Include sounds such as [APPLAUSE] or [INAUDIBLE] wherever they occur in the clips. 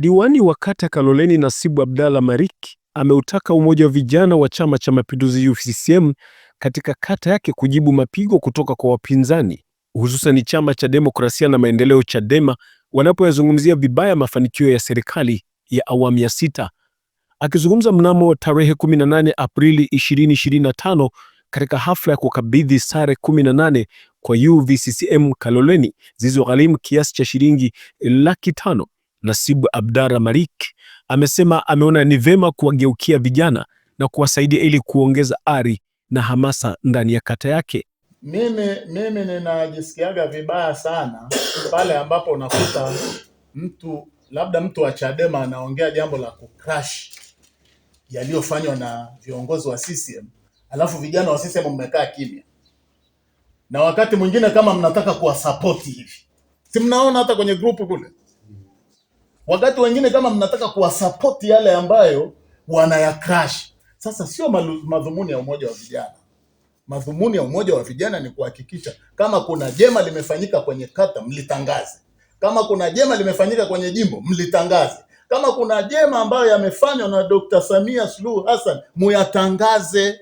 Diwani wa kata Kaloleni Nasibu Abdalla Mariki ameutaka umoja wa vijana wa Chama cha Mapinduzi UVCCM katika kata yake kujibu mapigo kutoka kwa wapinzani hususan Chama cha Demokrasia na Maendeleo Chadema wanapoyazungumzia vibaya mafanikio ya serikali ya awamu ya sita. Akizungumza mnamo tarehe 18 Aprili 2025 katika hafla ya kukabidhi sare 18 kwa UVCCM Kaloleni zilizogharimu kiasi cha shilingi laki tano Nasibu Abdara Malik amesema ameona ni vema kuwageukia vijana na kuwasaidia ili kuongeza ari na hamasa ndani ya kata yake. Mimi mimi ninajisikiaga vibaya sana pale ambapo unakuta mtu labda mtu wa Chadema anaongea jambo la kukrash yaliyofanywa na viongozi wa CCM, alafu vijana wa CCM mmekaa kimya, na wakati mwingine kama mnataka kuwasapoti hivi, si mnaona hata kwenye grupu kule wakati wengine kama mnataka kuwasapoti yale ambayo crash. Sasa sio madhumuni ya umoja wa vijana. Madhumuni ya umoja wa vijana ni kuhakikisha kama kuna jema limefanyika kwenye kata, mlitangaze. Kama kuna jema limefanyika kwenye jimbo, mlitangaze. Kama kuna jema ambayo yamefanywa na Dr. Samia Suluhu Hassan, muyatangaze.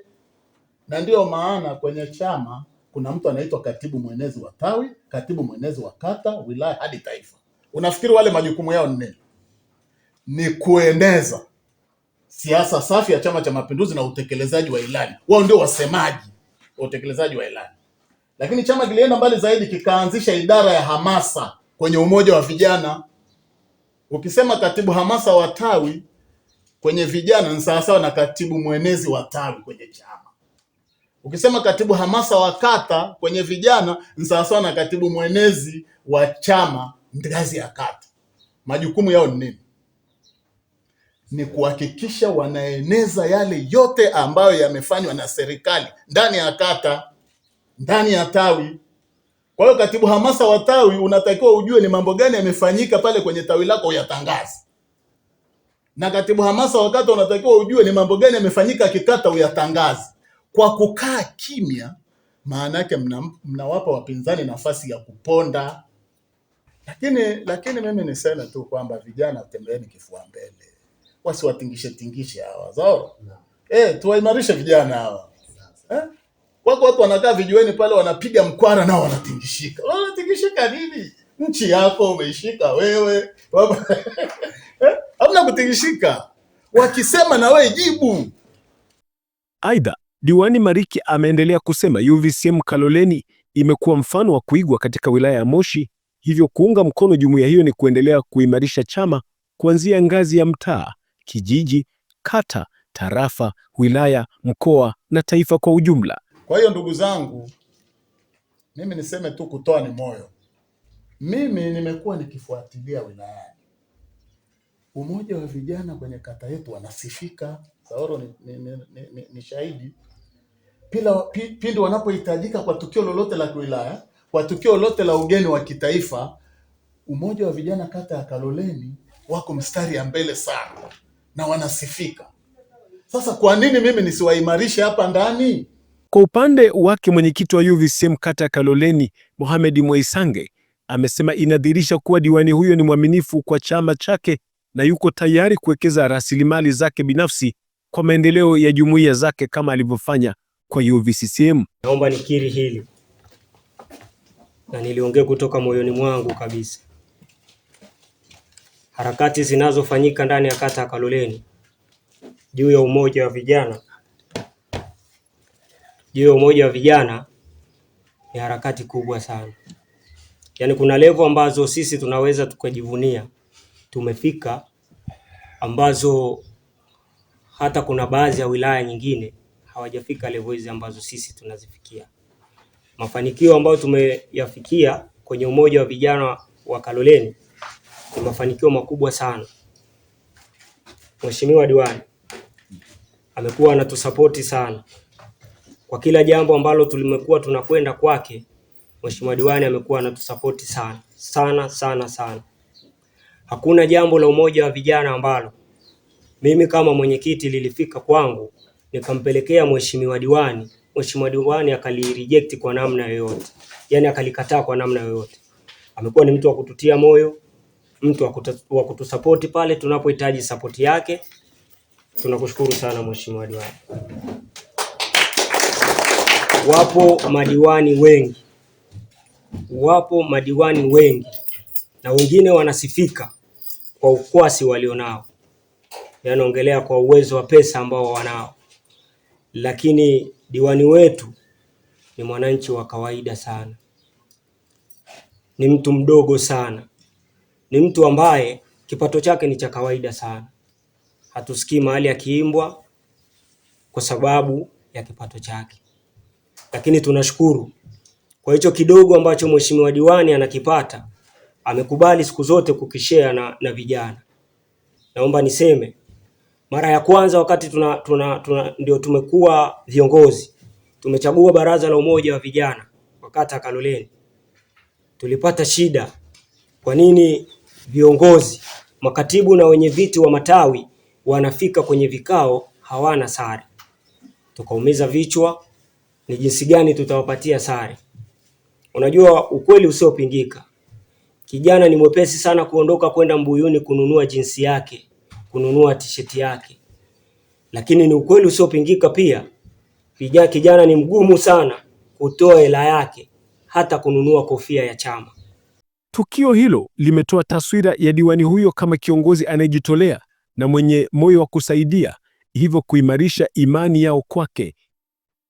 Na ndiyo maana kwenye chama kuna mtu anaitwa katibu mwenezi wa tawi, katibu mwenezi wa kata, wilaya hadi taifa. Unafikiri wale majukumu yao nne ni kueneza siasa safi ya Chama cha Mapinduzi na utekelezaji wa ilani. Wao ndio wasemaji wa utekelezaji wa ilani, lakini chama kilienda mbali zaidi kikaanzisha idara ya hamasa kwenye umoja wa vijana. Ukisema katibu hamasa wa tawi kwenye vijana ni sawasawa na katibu mwenezi wa tawi kwenye chama. Ukisema katibu hamasa wa kata kwenye vijana ni sawasawa na katibu mwenezi wa chama ngazi ya kata, majukumu yao ni nini? Ni kuhakikisha wanaeneza yale yote ambayo yamefanywa na serikali ndani ya kata, ndani ya tawi. Kwa hiyo katibu hamasa wa tawi unatakiwa ujue ni mambo gani yamefanyika pale kwenye tawi lako uyatangaze, na katibu hamasa wa kata unatakiwa ujue ni mambo gani yamefanyika kikata uyatangaze. Kwa kukaa kimya, maana yake mnawapa mna wapinzani nafasi ya kuponda lakini lakini mimi niseme tu kwamba vijana tembeeni kifua mbele, wasiwatingishe tingishe hawa zao no. Eh, tuwaimarishe vijana hawa Eh? Wako watu wanakaa vijiweni pale wanapiga mkwara nao wanatingishika. Wanatingishika nini? Nchi yako umeishika wewe. [LAUGHS] Eh? Hamna kutingishika. Wakisema na wewe jibu. Aidha, Diwani Mariki ameendelea kusema uvcm Kaloleni imekuwa mfano wa kuigwa katika wilaya ya Moshi Hivyo kuunga mkono jumuiya hiyo ni kuendelea kuimarisha chama kuanzia ngazi ya mtaa, kijiji, kata, tarafa, wilaya, mkoa na taifa kwa ujumla. Kwa hiyo ndugu zangu, mimi niseme tu, kutoa ni moyo. Mimi nimekuwa nikifuatilia wilayani, umoja wa vijana kwenye kata yetu wanasifika. Saoro ni, ni, ni, ni, ni shahidi pindi wanapohitajika kwa tukio lolote la kiwilaya kwa tukio lote la ugeni wa kitaifa, umoja wa vijana kata ya Kaloleni wako mstari ya mbele sana na wanasifika. Sasa kwa nini mimi nisiwaimarishe hapa ndani? Kwa upande wake mwenyekiti wa UVCM kata ya Kaloleni Mohamed Mwaisange amesema inadhihirisha kuwa diwani huyo ni mwaminifu kwa chama chake na yuko tayari kuwekeza rasilimali zake binafsi kwa maendeleo ya jumuiya zake kama alivyofanya kwa UVCCM. Naomba nikiri hili na niliongea kutoka moyoni mwangu kabisa. Harakati zinazofanyika ndani ya kata ya Kaloleni juu ya umoja wa vijana, juu ya umoja wa vijana ni harakati kubwa sana. Yaani kuna levo ambazo sisi tunaweza tukajivunia tumefika, ambazo hata kuna baadhi ya wilaya nyingine hawajafika levo hizi ambazo sisi tunazifikia mafanikio ambayo tumeyafikia kwenye umoja wa vijana wa Kaloleni ni mafanikio makubwa sana. Mheshimiwa diwani amekuwa anatusapoti sana kwa kila jambo ambalo tulimekuwa tunakwenda kwake. Mheshimiwa diwani amekuwa anatusapoti sana sana sana sana. Hakuna jambo la umoja wa vijana ambalo mimi kama mwenyekiti lilifika kwangu nikampelekea mheshimiwa diwani Mheshimiwa Diwani akalireject kwa namna yoyote, yaani akalikataa kwa namna yoyote. Amekuwa ni mtu wa kututia moyo, mtu wa kutusapoti pale tunapohitaji sapoti yake. Tunakushukuru sana Mheshimiwa Diwani. Wapo madiwani wengi, wapo madiwani wengi na wengine wanasifika kwa ukwasi walionao, yanaongelea kwa uwezo wa pesa ambao wanao, lakini Diwani wetu ni mwananchi wa kawaida sana, ni mtu mdogo sana, ni mtu ambaye kipato chake ni cha kawaida sana. Hatusikii mahali akiimbwa kwa sababu ya kipato chake, lakini tunashukuru kwa hicho kidogo ambacho mheshimiwa diwani anakipata amekubali siku zote kukishare na, na vijana. Naomba niseme mara ya kwanza wakati tuna, tuna, tuna ndio tumekuwa viongozi, tumechagua baraza la umoja wa vijana wa kata Kaloleni, tulipata shida. Kwa nini viongozi makatibu na wenye viti wa matawi wanafika kwenye vikao hawana sare? Tukaumiza vichwa, ni jinsi gani tutawapatia sare. Unajua ukweli usiopingika, kijana ni mwepesi sana kuondoka kwenda mbuyuni kununua jinsi yake kununua t-shirt yake, lakini ni ukweli usiopingika pia vijana, kijana ni mgumu sana kutoa hela yake hata kununua kofia ya chama. Tukio hilo limetoa taswira ya diwani huyo kama kiongozi anayejitolea na mwenye moyo wa kusaidia, hivyo kuimarisha imani yao kwake.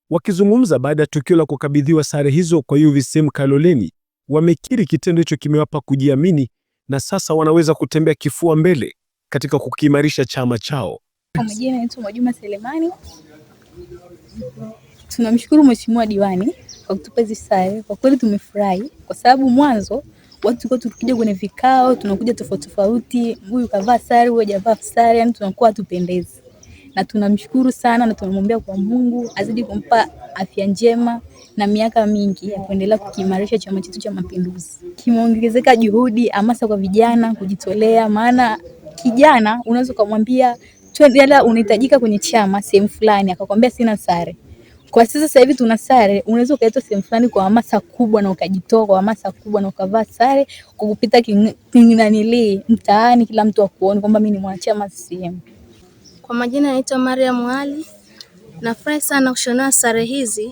Wakizungumza baada ya tukio la kukabidhiwa sare hizo kwa UVCM Kaloleni, wamekiri kitendo hicho kimewapa kujiamini na sasa wanaweza kutembea kifua mbele katika kukiimarisha chama chao. Kwa majina naitwa Mwajuma Selemani. Tunamshukuru mheshimiwa diwani kwa kutupa hizi sare, kwa kweli tumefurahi, kwa sababu mwanzo watu tulikuwa tukija kwenye vikao tunakuja tofauti tofauti, huyu kavaa sare, huyu hajavaa sare, yani tunakuwa hatupendezi. Na tunamshukuru sana na tunamwombea kwa Mungu azidi kumpa afya njema na miaka mingi ya kuendelea kukiimarisha chama chetu cha Mapinduzi. Kimeongezeka juhudi, hamasa kwa vijana kujitolea, maana kijana unaweza ukamwambia yaani labda unahitajika kwenye chama sehemu fulani, akakwambia sina sare. Kwa sasa hivi tuna sare, unaweza ukaitwa sehemu fulani kwa hamasa kubwa na ukajitoa kwa hamasa kubwa na ukavaa sare kwa kupita kinanilii mtaani, kila mtu akuone kwamba mimi ni mwanachama CCM. Kwa majina naitwa Mariam Ali. Nafurahi sana kushona sare hizi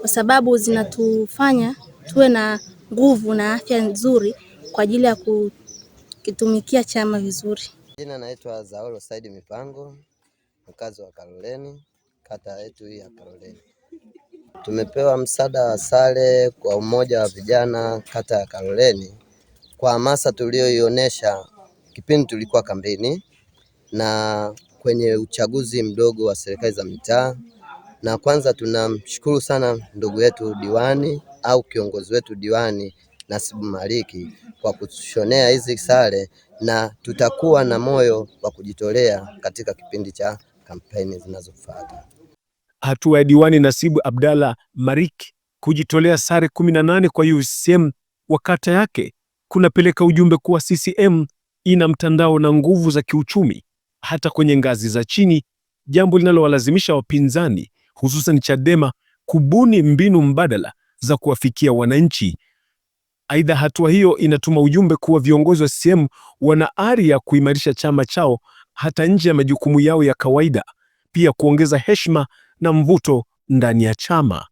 kwa sababu zinatufanya tuwe na nguvu na afya nzuri kwa ajili ya kukitumikia chama vizuri. Jina naitwa Zaolo Said Mipango, mkazi wa Kaloleni, kata yetu hii ya Kaloleni. Tumepewa msaada wa sare kwa umoja wa vijana kata ya Kaloleni kwa hamasa tuliyoionyesha kipindi tulikuwa kambini na kwenye uchaguzi mdogo wa serikali za mitaa. Na kwanza tunamshukuru sana ndugu yetu diwani au kiongozi wetu diwani Nasibu Maliki kwa kutushonea hizi sare na tutakuwa na moyo wa kujitolea katika kipindi cha kampeni zinazofuata. Hatua ya diwani Nasibu Abdalla mariki kujitolea sare kumi na nane kwa UCM wa kata yake kunapeleka ujumbe kuwa CCM ina mtandao na nguvu za kiuchumi hata kwenye ngazi za chini, jambo linalowalazimisha wapinzani hususan Chadema kubuni mbinu mbadala za kuwafikia wananchi. Aidha, hatua hiyo inatuma ujumbe kuwa viongozi wa CCM wana ari ya kuimarisha chama chao hata nje ya majukumu yao ya kawaida, pia kuongeza heshima na mvuto ndani ya chama.